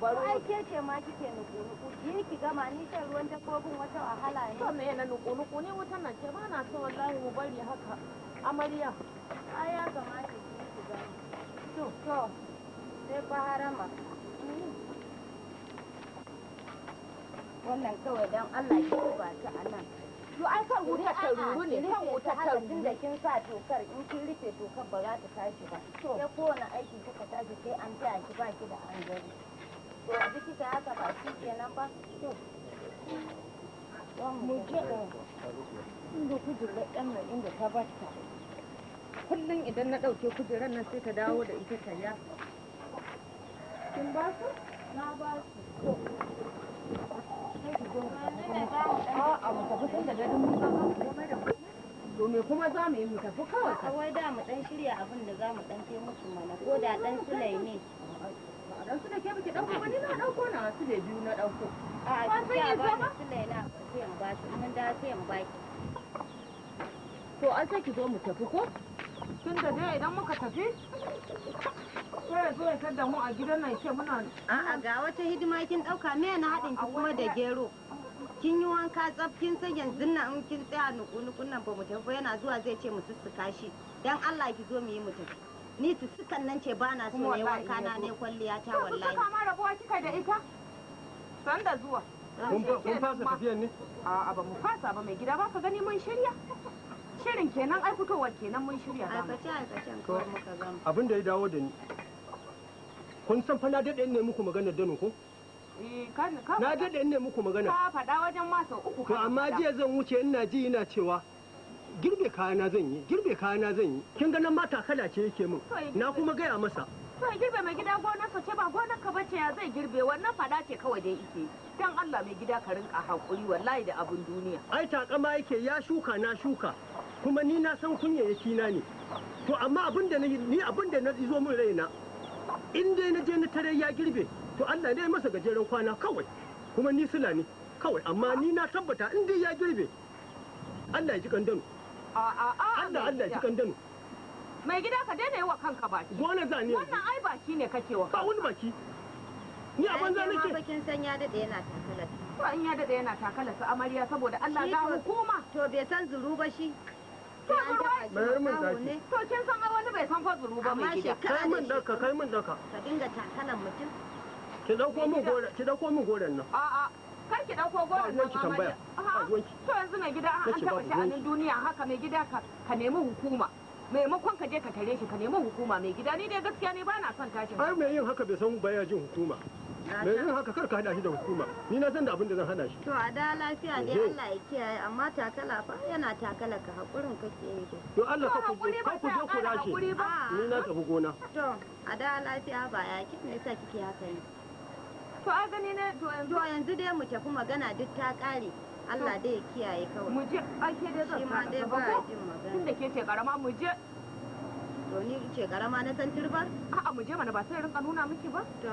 baro ai ke ce ma kike nuku nuku ki ki gama ni shan ruwan dabbobin wata wahala ne to me na nuku nuku ne wutan nan ce ba na so wallahi mu bari haka amarya ai ya kamata ki ki gama to to sai fa harama wannan kawai dan Allah ki ba ta anan to ai kan wuta ta ruru ne kan wuta ta ruru da kin sa tokar in kin rufe tokar ba za ta tashi ba sai kowane aiki kika tashi sai an taya ki ba ki da an gari mu je inda ɗan kullum idan na ɗauke kujerar nan sai ta dawo da ita ta ya kin ba su na ba su a'a mu tafi tun da gadin mu ba mu to me kuma za mu yi mu tafi kawai kawai da mu dan shirya abin da za mu dan kai musu mana ko da dan sulai ne dan su da ke biki dauko wani na dauko na su da biyu na dauko a ba sai ya zama su da na sai mu bashi mun da sai mu baki to an sai ki zo mu tafi ko tun da dai idan muka tafi sai ya zo ya tada mu a gidan nan ke muna a'a ga wata hidima kin ɗauka me na haɗin ki kuma da gero kin yi wanka tsaf kin san yanzu na in kin tsaya nuku nukun nan ba mu tafi yana zuwa zai ce mu sussuka shi dan Allah ki zo mu yi mu tafi ni su sukan nan ce ba na so ne wanka na ne kwalliya ta wallahi kuma ma rabuwa kika da ita san da zuwa kun fasa tafiyan ne a ba mu fasa ba mai gida ba ka gani mun shirya shirin kenan ai fitowar kenan mun shirya ba aikace aikacen kawai muka zama abin da ya dawo da ni kun san fa na dade ne muku da dano ko na in ne muku magana eh, ka faɗa wajen masa uku to amma jiya zan wuce ina ji ina cewa girbe kayana zan yi girbe kayana zan yi kin ga nan ma ce yake min na kuma gaya masa sai girbe mai gida gonarsa ce ba gonar ka bace ya zai girbe wannan fada ce kawai dai ike dan Allah mai gida ka rinka hakuri wallahi da abun duniya ai takama yake ya shuka na shuka kuma ni na san kunya yake na ne to amma abin da ni abin da na zo min raina in dai na je na tare ya girbe to Allah ne masa gajeren kwana kawai kuma ni sula ne kawai amma ni na tabbata in dai ya girbe Allah ya ji kandano A'a, Allah Allah cikin dano. Mai gida ka daina yi wa kanka baki. Gona za ni. Wannan ai baki ne kake wa kanka. Ba wani baki. Ni a banza nake. Ma bakin san ya dade yana takala. To an ya dade yana takala amarya saboda Allah ga hukuma. To bai san zuru ba shi. To bayar min daki. To kin san wani bai san ko zuru ba mai gida. Kai min daka kai min daka. Ka dinga takalan mutum. Ki dauko min goran ki dauko min goran nan. A'a. Kar ki dauko goron nan mamaya. To yanzu mai gida an taba sha'anin duniya haka mai gida ka nemi hukuma. maimakon ka je ka tare shi ka nemi hukuma mai gida ni dai gaskiya ne bana son tashin ai mai yin haka bai san baya jin hukuma mai yin haka kar ka hada shi da hukuma ni na san da abin da zan hada shi to a da lafiya dai Allah ya kiyaye amma takala fa yana takala ka hakurin kake yi to Allah ka ku je ka ku je ku dace ni na tafi gona to a da lafiya ba ya kin ne sa kike haka ne to a gani ne to yanzu dai mu tafi magana duk ta kare Allah dai ya kiyaye kawai mu je ai ke dai zan ma dai ba jin magana tunda ke ce karama mu je to ni ce karama na san a a'a mu je mana ba sai rinka nuna miki ba to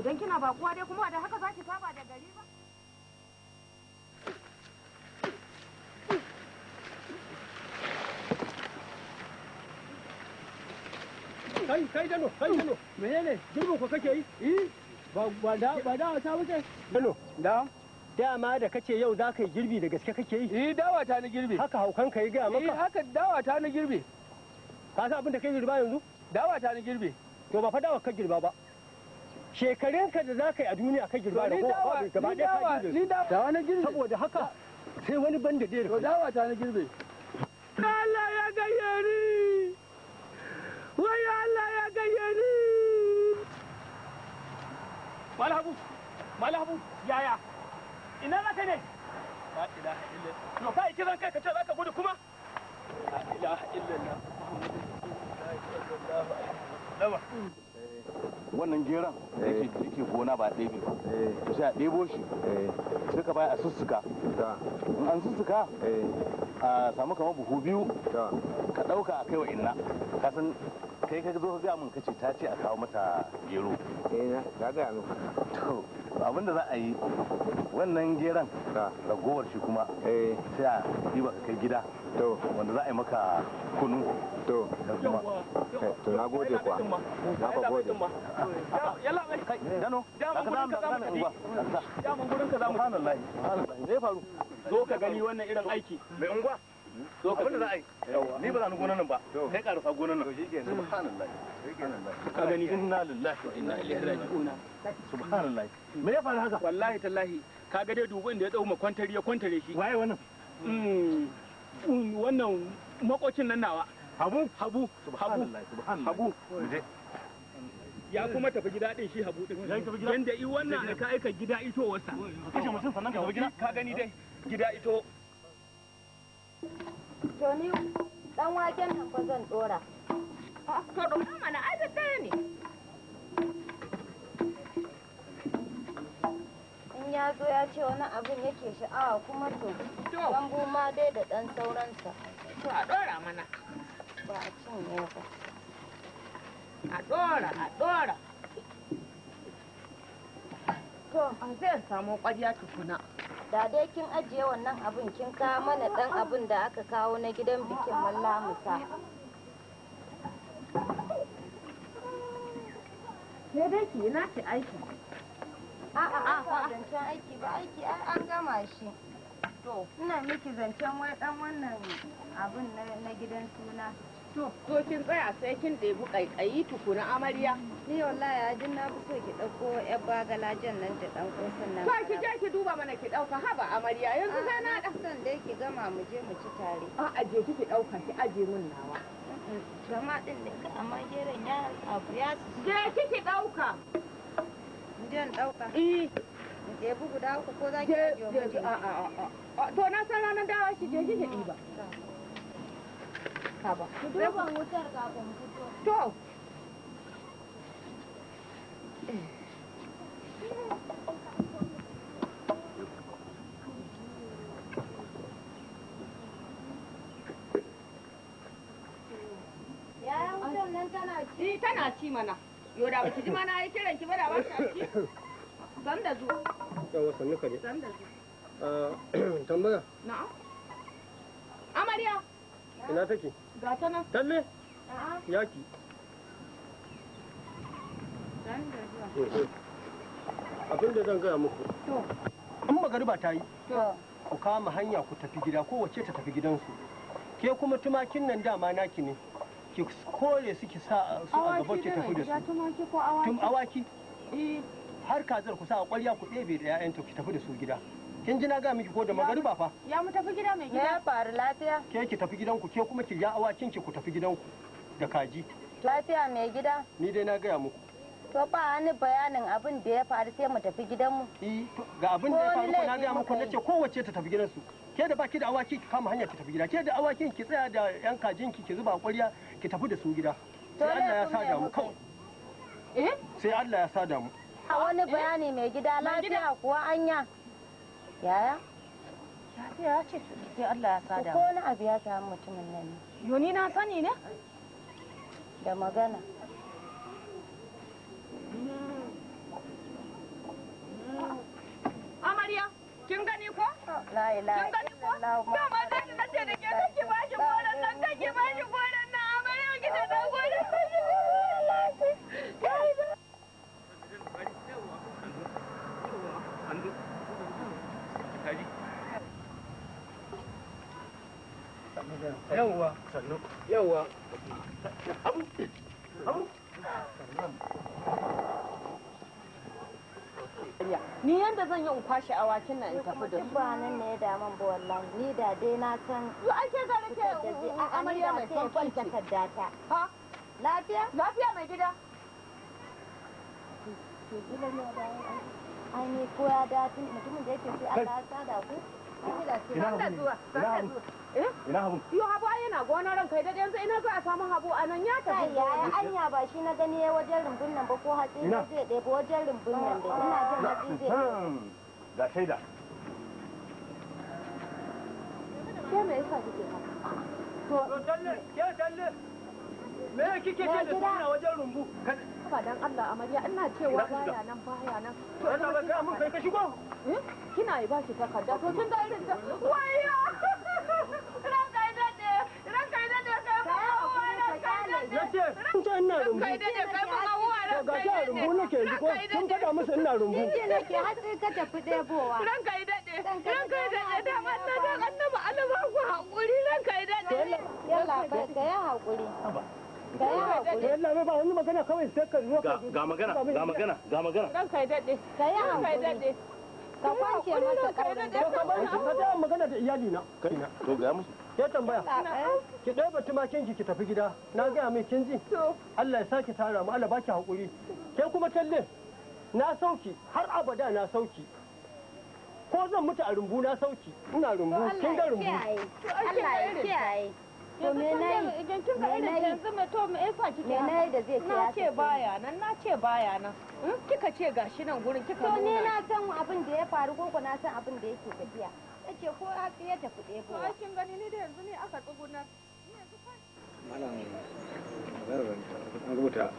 idan kina bakuwa dai kuma da haka zaki saba da gari ba kai kai dano kai dano menene girbin ku kake yi eh ba da da ta wuce bello da dama da kace yau za ka yi girbi da gaske kake yi eh dawa ta na girbi haka haukan ka yi ga maka eh haka dawa ta na girbi ka san abin da kai girba yanzu dawa ta na girbi to ba fa dawa ka girba ba shekarun ka da za ka yi a duniya ka girba da kowa gaba da ka girbe ni dawa na girbi saboda haka sai wani banda da to dawa ta na girbe Allah ya gayyari wai Allah ya gayyari malhabu malhabu yaya ina za ka ne la ilaha illallah to kai kiran kai ka ce za ka gudu kuma la ilaha illallah muhammadin rasulullah sallallahu alaihi wasallam wannan jeran eh. yake gona ba ɗebe eh. to sai a ɗebo shi eh. sai ka baya a sussuka in an sussuka a samu kamar buhu biyu ka ɗauka a kai wa inna ka san kai ka zo ga mun kace ta ce a kawo mata gero eh na ga to abin za a yi wannan geran geron ragowar shi kuma eh sai a diba ka kai gida to wanda za a yi maka kunu to na gode kwa na gode yalla zo ka gani wannan irin aiki mai unguwa ni ba za ni gonan nan ba kai ka rufa gonan nan subhanallahi ka gani inna lillahi wa inna ilaihi raji'un subhanallahi me ya faru haka wallahi tallahi ka ga dai dubin da ya tsau makwantari ya kwantare shi waye wannan wannan makocin nan nawa habu habu habu habu ya kuma tafi gida din shi habu din yanda i wannan da ka aika gida ito wasa kashe mutum sannan ka tafi gida ka gani dai gida ito to ni dan waken nan fa zan dora ah, to don mana ai da tare ne in ya zo ya ce wani abin yake sha'awa kuma to dan goma dai da dan sauransa to a dora mana ba a cin cinye ba a ɗora a ɗora to zai samu ƙwarya tukuna da dai kin ajiye wannan abin kin kawo mana ɗan abin da aka kawo na gidan bikin mallamusa sai dai ki ina ki aiki a'a a ba zancen aiki ba aiki an gama shi to ina miki zancen wai ɗan wannan abin na gidan suna To, kin tsaya sai kin ɗebi ƙaiƙayi tukuna amarya. Ni wallahi ya jin na fi so ki ɗauko ƴar bagala jan nan da ɗan ƙosan nan. To, ki je ki duba mana ki ɗauka haba amarya yanzu sai na ɗan. Ah, son dai ki gama mu je mu ci tare. A'a je ki ki ɗauka ki aje mun nawa. Zama ɗin da amma geron ya abu ya. Je ki ki ɗauka. Jan ɗauka. Eh. Ɗebi guda uku ko za ki aje min. Je je a'a a'a. To na san ranar dawa shi je ki ki ɗiba. ka ba ku duba wutar kafin fito to Ni eh, tana ci mana. Yo da baki ji mana yi kiran ki ba da baki ci. San da zuwa. Yawa sannu ka ne. San da zuwa. Ah, tambaya. Na'am. Amariya. ina take gata ta nan talle yaki abin da zan gaya muku in magariba ta yi ku kama hanya ku tafi gida kowace ta tafi gidansu ke kuma tumakin nan dama naki ne ki kore su ki sa su a gaba ki tafi da su tum awaki eh. har kazar ku sa a kwarya ku ɗebe da 'ya'yanta ki tafi da su gida kin ji na ga miki ko da magariba fa ya mu tafi gida mai gida ya faru lafiya ke ki tafi gidanku ke kuma ki ja awakin ki ku tafi gidanku da kaji lafiya mai gida ni dai na gaya muku to ba wani bayanin abin da ya faru sai mu tafi gidanmu eh ga abin da ya faru ko na gaya muku nace kowace ta tafi gidansu ke da baki da awaki ki kama hanya ki tafi gida ke da awakin ki tsaya da yan kajin ki ki zuba ƙwarya ki tafi da su gida sai Allah ya sada mu kawai eh sai Allah ya sada mu a wani eh? bayani mai gida lafiya kuwa anya yaya ya ya ce sai Allah ya sada ko wani abu ya samu mutumin nan ne yoni na sani ne da magana amarya kin gani ko la ilaha illallah yawwa yawwa abu ni yanda zan yi in kwashe awakin nan in tafi da su ba nan ne ya damun ba wallahi ni da dai na san yo ake ga da ke amarya mai son kwalta kaddata ha lafiya lafiya mai gida ke gida ne da ai ne ko ya da mutumin da yake sai Allah ya sada ku ina zuwa ina zuwa Eh? ina habu yo habu ai yana gona ran kai da yanzu ina za a samu habu a nan ya tafi ya anya ba shi na gani ya wajen rumbun nan ba ko hatsi ne zai ɗebo wajen rumbun nan da ina jin hatsi zai hmm, ga shaida ke me yasa kike haka to talle ke talle me kike ke da suna wajen rumbu ba dan Allah amarya ina cewa baya nan baya nan to ina ba ga mun kai ka shigo eh? kina yi ba shi takarda to kin ga irin ta wayyo na ce kun da ne kai ba hawa ran kai da ko ka faɗa masa ina rumbu shi nake ka tafi ɗebowa ran da ne ran kai da ne da man na dan annabi alaba ku hakuri ran kai ka ya hakuri ba wani magana kawai sai ka ga magana ga magana ga magana ran ka yi hankali ka kwance masa ƙarfi ka kwance ka ta magana da iyalina kaina to ke tambaya ki ɗaya tumakin ki ki tafi gida na gaya mai kin ji Allah ya saki tara mu Allah baki hakuri ke kuma talle na sauki har abada na sauki ko zan mutu a rumbu na sauki ina rumbu kin ga rumbu Allah ya kiyaye to me nayi idan kin ga irin yanzu me to me yasa kike me nayi da zai ce na ce baya nan na ce baya nan hmm? kika ce gashi nan gurin kika nuna to ne na san abin da ya faru ko na san abin da yake tafiya ta ce ko hatsi ya tafi ɗebo ba kin gani ni da yanzu ne aka tsuguna malam an rubuta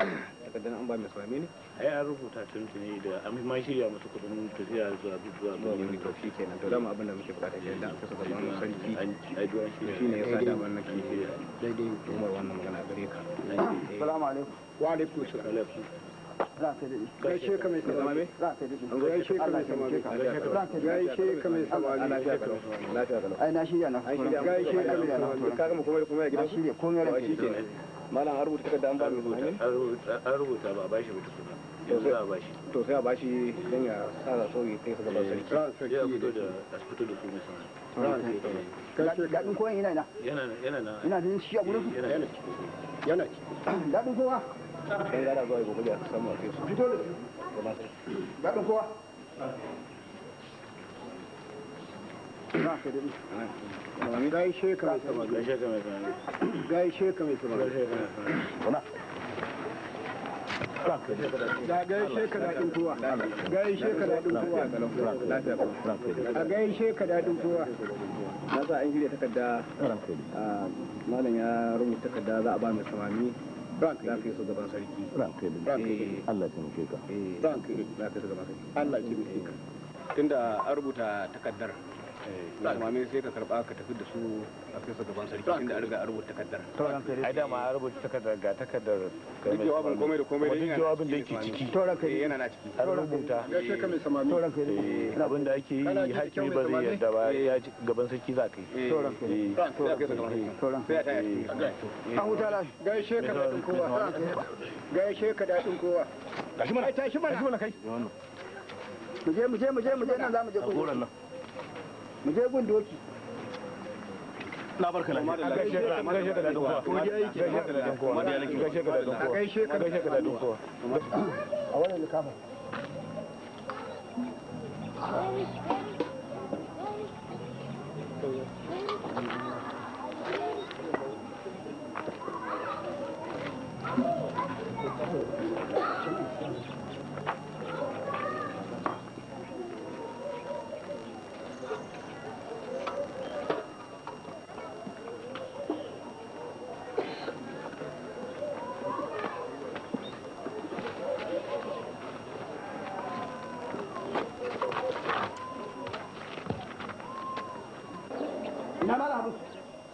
takardar an ba mai sulame ne ai an rubuta tuntuni da an ma shirya musu kudin tafiya zuwa zuwa zuwa shi dama abin da muke bukata da aka saka zaman sarki shi ne yasa da ke daidai umar wannan magana gare ka alaikum wa alaikum ranka da gaishe ka mai samami gaishe ka mai samami gaishe ka mai samami A na shirya na gaishe ka mai samami ka gama komai komai a gidan shirya komai ranka shi kenan malam an rubuta takarda an ba an rubuta ba ba shi mutu kuma yanzu a bashi to sai a bashi don ya tsara sauyi kai ka gaban sarki ya fito da a fito da su mai samami daɗin kowa yana ina yana nan yana nan shi a gurin yana ciki daɗin kowa kai da zuwa a kai su fito da su ba ɗin a na za a yi takarda ah, malam ya rubuta takarda za a ba mai samami ranka ya taimake kai eh, tunda an rubuta takaddar Eh, malamai sai ka karba ka tafi da su a kai su gaban sarki inda an riga a rubuta takardar ai da ma rubuta takardar ga takardar duk jawabin komai da komai duk jawabin da yake ciki toran kai eh, yana na ciki an rubuta ya ce mai samami toran kai eh, abin da ake yi hakimi ba zai yarda ba ya gaban sarki za ka yi toran kai toran kai toran an huta lafi kowa gaishe ka dadin kowa gashi mana tashi mana kai mu je mu je mu je mu je nan za mu je kowa mu je gun doki na barka lafiya a gaishe ka gaishe da kowa gaishe ka da da kowa a wannan Thank you.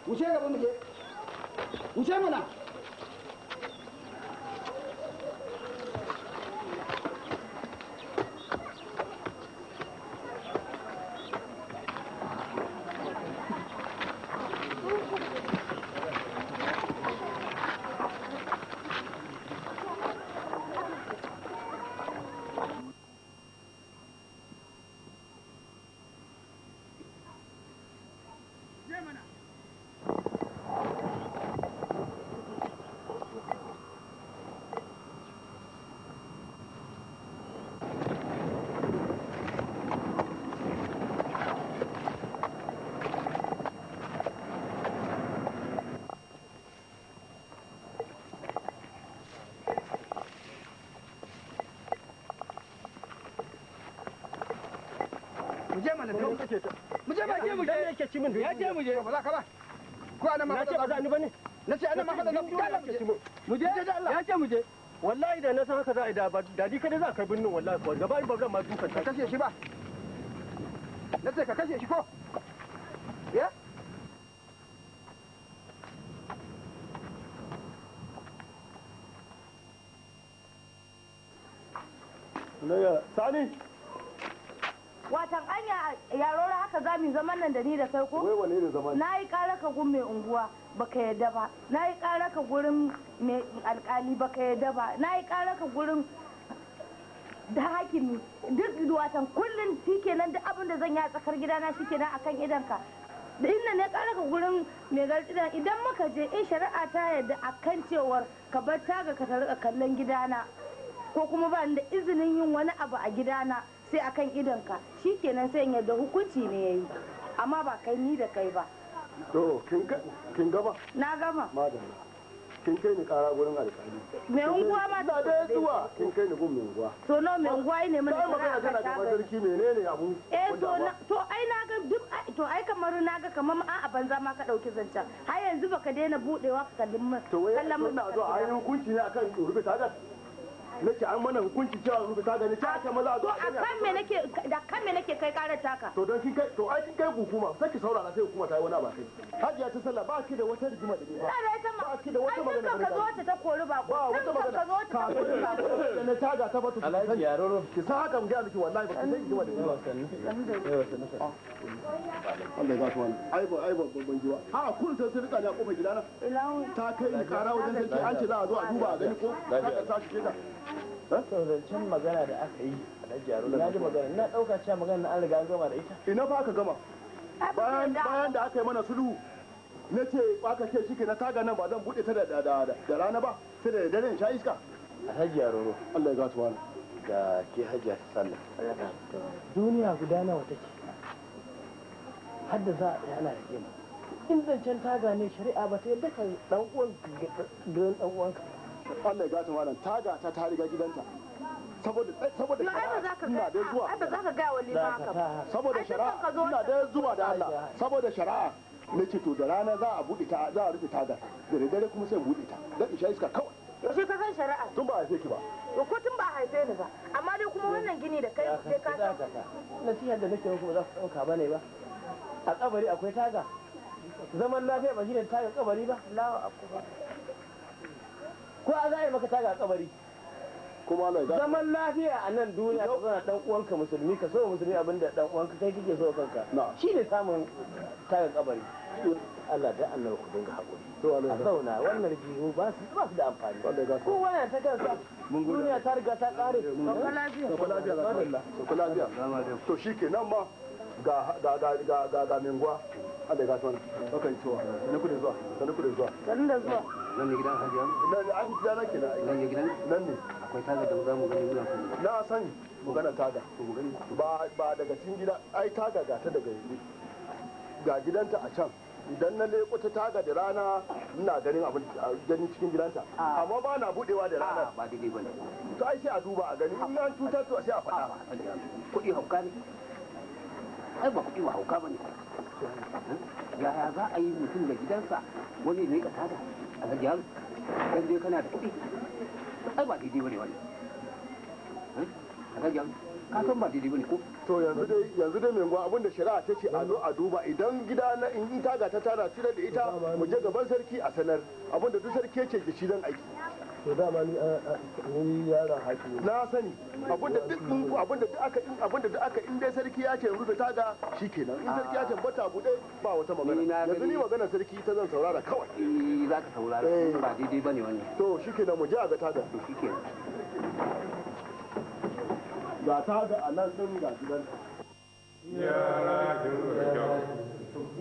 wuce gaba mu je wuce mana je mana mu je baki mu je yake ci min ya je mu je ba za ka ba ko ana ma ba za ni bane na ce ana ma ba za ka ci mu mu je ya je mu je wallahi da na san haka za a yi da dadi kada za ka kai binnin wallahi ko gaba ba ma duka ta kashe shi ba na ce ka kashe shi ko nan da ni da kai ko wai wane ne na yi ƙara ka gun mai unguwa baka yadda ba na yi ƙara ka gurin mai alƙali baka yadda ba na yi ƙara ka gurin da hakimi duk watan kullum nan duk abin da zan yi a tsakar gidana shikenan akan idanka inda ne kara ka gurin mai gardidan idan muka je in shari'a ta yadda akan cewar ka bar taga ka tarika kallon gidana ko kuma ba da izinin yin wani abu a gidana sai akan idanka shikenan sai yadda hukunci ne yayi amma ba kai ni da kai ba to kin gama na gama madalla kin kai ni kara gurin alƙali Me unguwa ma da dai zuwa kin kai ni gun mai unguwa to no me unguwa ne mun kai magana kana kamar sarki menene abu eh to to ai na ga duk to ai kamar na ga kamar a banza ma ka dauki zancen har yanzu baka daina budewa ka kallin mun to wai kallan mun na zo a yi hukunci ne akan rubuta ga nake an mana hukunci cewa rufe ta gani ta ta maza zuwa a kan me nake da kan me nake kai karar taka to don kin kai to ai kin kai hukuma sai ki saurara sai hukuma ta yi wani ba kai hajiya ta sallah ba ki da wata rigima da ni ba ba ki da wata magana da ka zo ta ta kori ba ko wata magana ka zo ta ta kori ba ko na taga ta fata yaroro ki sa haka mu ga miki wallahi ba ki sai rigima da ni ba sannan Allah ya ba ai ba ai ba ban jiwa ha kun sai sai rika da kofar gidana ta kai ni kara wajen sai an ce za a zo a duba a gani ko ka ta shi zancen magana da aka yi na jaro na ji magana na dauka cewa magana na an riga an gama da ita ina fa aka gama bayan da aka yi mana sulhu na ce aka ce shi na taga nan ba zan buɗe ta da rana ba sai da dare in sha iska alhaji yaroro Allah ya gasu wani da ke hajiya ta sallah duniya guda nawa take har da za a tsaya ana rage ma in zancen taga ne shari'a ba ta yadda ka dan uwan dan uwanka Allah ya gata malam taga ta ta riga gidanta saboda eh, saboda ina da ai ba za ka ga wali ba haka saboda shari'a ina da zuwa da Allah saboda shari'a na ce to da rana za a bude ta za a rufe taga da dare kuma sai bude ta dan isha iska kawai yaushe ka san shari'a tun ba haife ki ba to ko tun ba haife ni ba amma dai kuma wannan gini da kai sai ka san nasihar da nake muku ba za ku ɗauka bane ba a kabari akwai taga zaman lafiya ba shine taga kabari ba Allahu akbar ko a zai maka taga kabari zaman lafiya a nan duniya ka zana dan uwanka musulmi ka so musulmi abinda dan uwanka kai kike so kanka shine samun taga kabari Allah da Allah ku dinga hakuri a zauna wannan rigimu ba su ba su da amfani ko wannan ta kansa duniya ta riga ta kare sauka lafiya sauka lafiya sauka lafiya to shikenan ma ga ga ga ga ga mingwa Allah ya gasa mana bakan cewa sanuku da zuwa sanuku da zuwa sanuku da zuwa nan ne gidan hajiya nan ne an gidana ke nan ne gidan nan ne akwai taga da za mu gani muna kuma na san magana taga ba ba daga cikin gida ai taga ga ta daga yanzu ga gidanta a can idan na leko ta taga da rana ina ganin abin ganin cikin gidanta amma ba na budewa da rana ba daidai bane to ai sai a duba a gani in an cutar to sai a faɗa kuɗi hauka ne ai ba kuɗi ba hauka bane yaya za a yi mutum da gidansa wani ne ka taga alhaji yan kan je kana da kuɗi ai ba daidai bane wani eh, alhaji yan ka san ba daidai bane ko to yanzu dai yanzu dai mengo abin da shari'a ta ce a zo a duba idan gida na in ita ga ta tara shi da ita mu je gaban sarki a sanar abin da duk sarki yake da shi dan aiki to dama ni ni yara haƙi na sani abinda duk in abinda duk aka abinda duk aka in dai sarki ya ce in rufe taga shikenan in sarki ya ce bata bude ba wata magana yanzu ni magana sarki ta zan saurara kawai eh za ka saurara eh. ba daidai bane wannan to shikenan mu je a ga taga shikenan ga taga a nan din ga gidan yara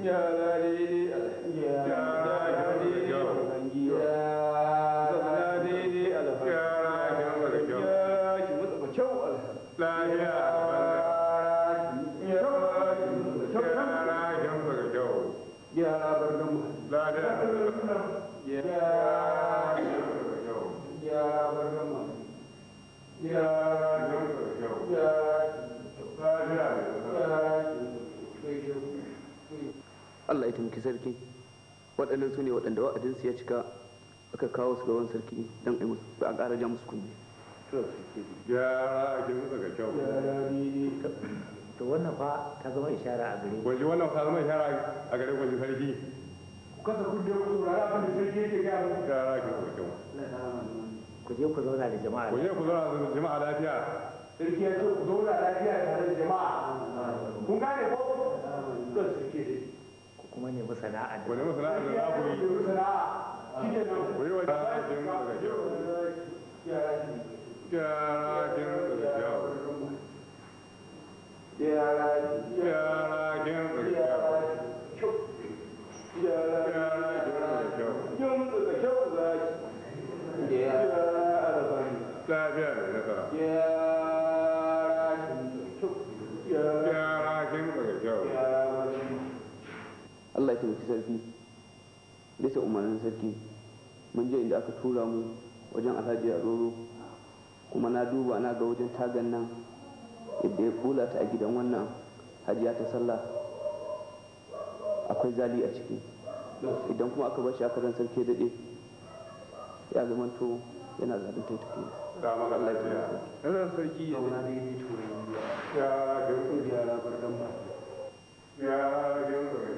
yara yara yara sarki waɗannan su ne waɗanda wa'adinsu ya cika aka kawo su gaban sarki don a ƙara jamus kunne gyara a kin ga kyau to wannan fa ta zama ishara a gare gwaji wannan fa zama ishara a gare sarki ku kasa kudde ku da sarki yake ga mu gyara a kin kyau ku je ku zauna da jama'a ku je ku zauna da jama'a lafiya sarki ya ce ku zauna lafiya tare da jama'a kun gane ko to sarki kuma nemi sana'a da nemi sana'a da ku yi ku yi na jakin daga kyau jakin daga kyau jakin daga kyau Yeah. sarki bisa umarnin sarki mun je inda aka tura mu wajen alhaji aroro kuma na duba na ga wajen tagan nan yadda ya kula ta a gidan wannan hajiya ta sallah akwai zali a ciki idan kuma aka bashi aka ran sarki daɗe ya to yana zaɗin ta tafi sarki ya Ya ya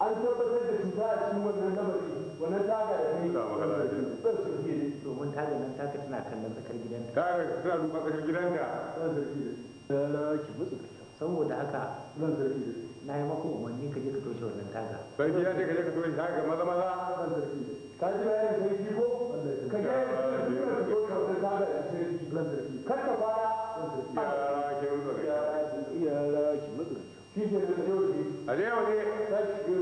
an tabbatar da cuta a cikin wannan lamari wannan taga da kai ta wahala ne ban sarki ne domin taga nan taka tana kallon tsakar gidanka taga tana duba tsakar gidanka ba sarki ne la ki mutsu saboda haka nan sarki ne na yi maka umarni ka je ka toshe wannan taga bai ya ce ka je ka toshe taga maza maza ka ji ba yin sarki ko ka je ka toshe wannan taga da sarki ban sarki kar ka fara ya ki mutsu ya ki mutsu shi ke da yau ne a yau ne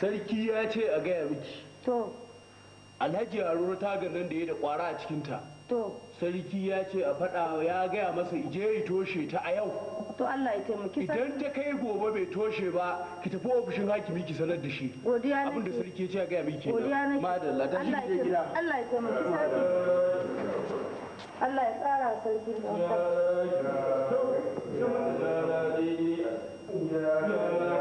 sarki ya ce a gaya miki to alhaji ta ga nan da ya da kwara a cikinta to sarki ya ce a faɗa ya gaya masa ije ya toshe ta a yau to Allah ya taimaki idan ta kai gobe bai toshe ba ki tafi ofishin hakimi ki sanar da shi abin da sarki ya ce ga miki da madalla ta shi ke gida Allah ya taimaki sarki Allah ya tsara sarki da ya ya ya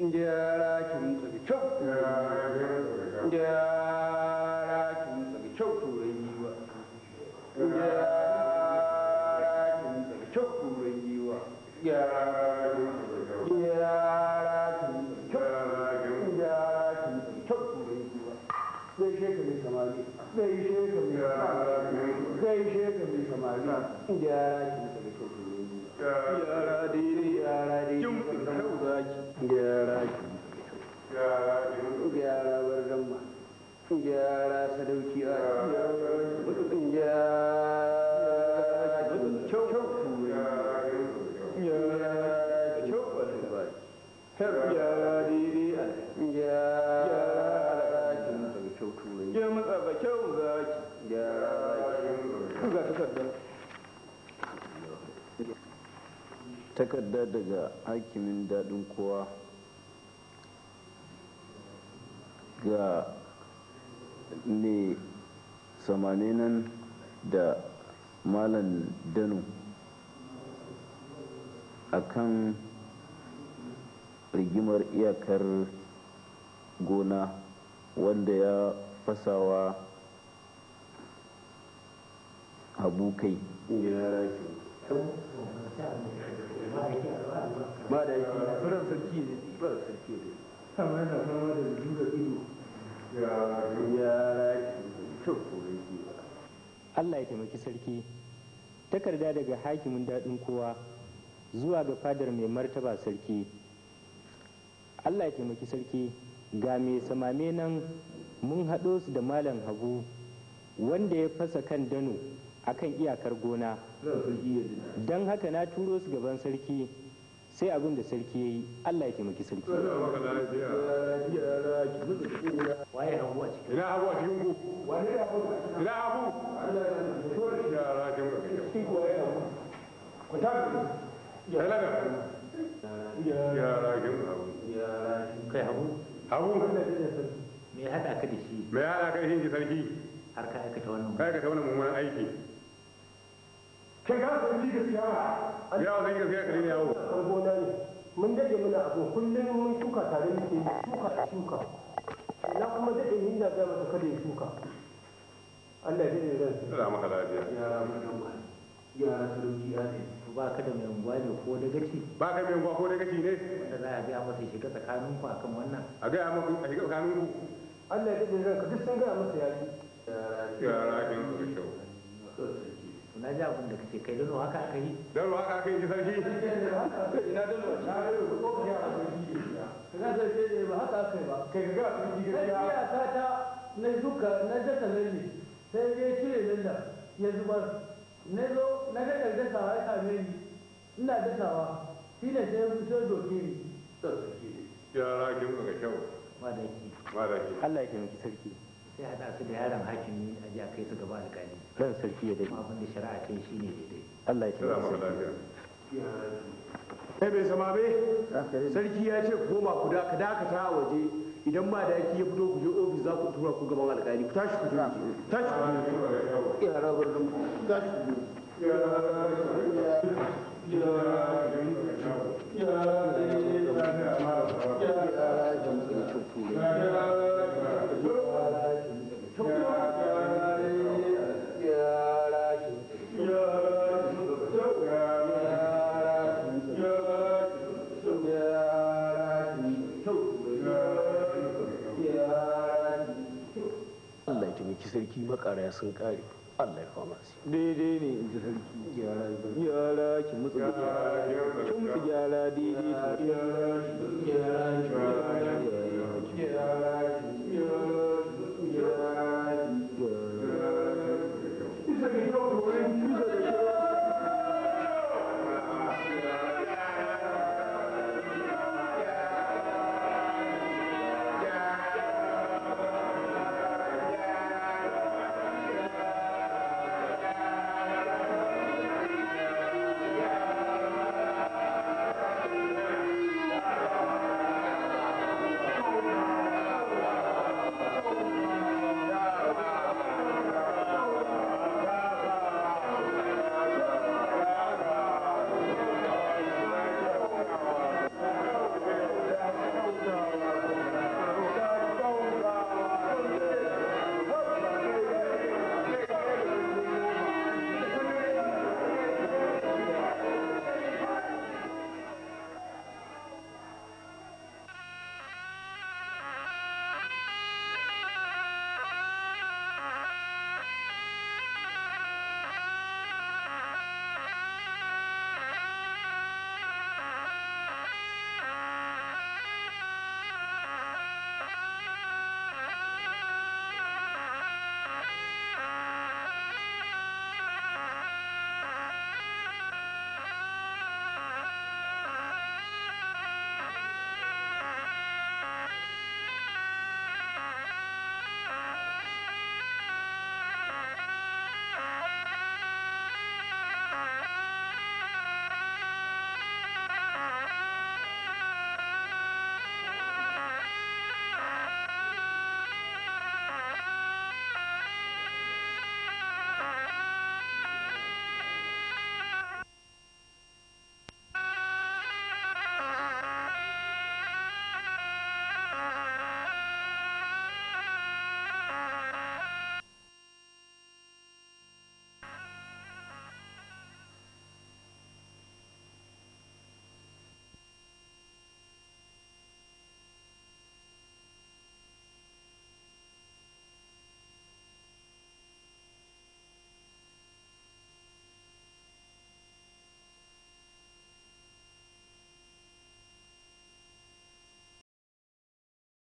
김석이 척 야라 김석이 척 두레이와 야라 김석이 척 두레이와 야라 야라 김석이 척 야라 김석이 척 두레이와 내 쉐크미 사마리 내 쉐크미 사마리 내 쉐크미 사마리 야라 김석이 daga hakimin daɗin kowa ga mai samane da malam danu a kan rigimar iyakar gona wanda ya fasawa abu kai ya Allah ya taimaki sarki takarda daga hakimin daɗin kowa zuwa ga fadar mai martaba sarki Allah ya taimaki sarki ga mai samame nan mun haɗo su da malam habu wanda ya fasa kan dano akan iyakar gona don haka na turo su gaban sarki sai abin da sarki ya yi Allah ya taimaki sarki ina abu me haɗa ka da shi me haɗa ka da shi sarki har ka aikata wannan mummunan aiki shekara sun ci gaskiya yawo sun gaskiya kare ne yawo an gona ne mun daɗe muna abin kullum mun shuka tare muke shuka da shuka na kuma daɗe ni na ga masa kada ya shuka Allah ya daɗe ransa ya maka lafiya yara mutum yara sarauki ya ne ba ka da mai unguwa ne ko da gaci ba ka mai unguwa ko da gaci ne wanda za a gaya masa shiga tsakaninku akan wannan a ga masa a shiga tsakaninku Allah ya daɗe Ka duk sun gaya masa yaki yara kin kyau na ji abin da kace kai dano haka kai yi dano haka aka yi sarki ina dano na yau ko ya ka ga sarki ba haka aka ba kai ga sarki ga ya ta ta na duka na data lalle sai ya cire da ya zubar na zo na ga dalda sawa ya same ni ina wa shi ne sai ya fito doke ni to sarki ya ra kin ga kyau Allah ya taimaki sarki sai a su da yaron hakimi a ji a kai su gaba ran sarki ya dade abin da shari'a ta yi Allah ya bai sama bai sarki ya ce goma ku da ka dakata a waje idan ma da yake ya fito ku je ofis za ku tura ku gaban alƙali ku tashi ku je tashi ku je ya rabar da mu tashi ku je ya ya ya makaraya sun kare Allah ya fama su daidai ne in ji sarki gyara ki mutsu gyara ki mutsu gyara daidai ki gyara ki ki gyara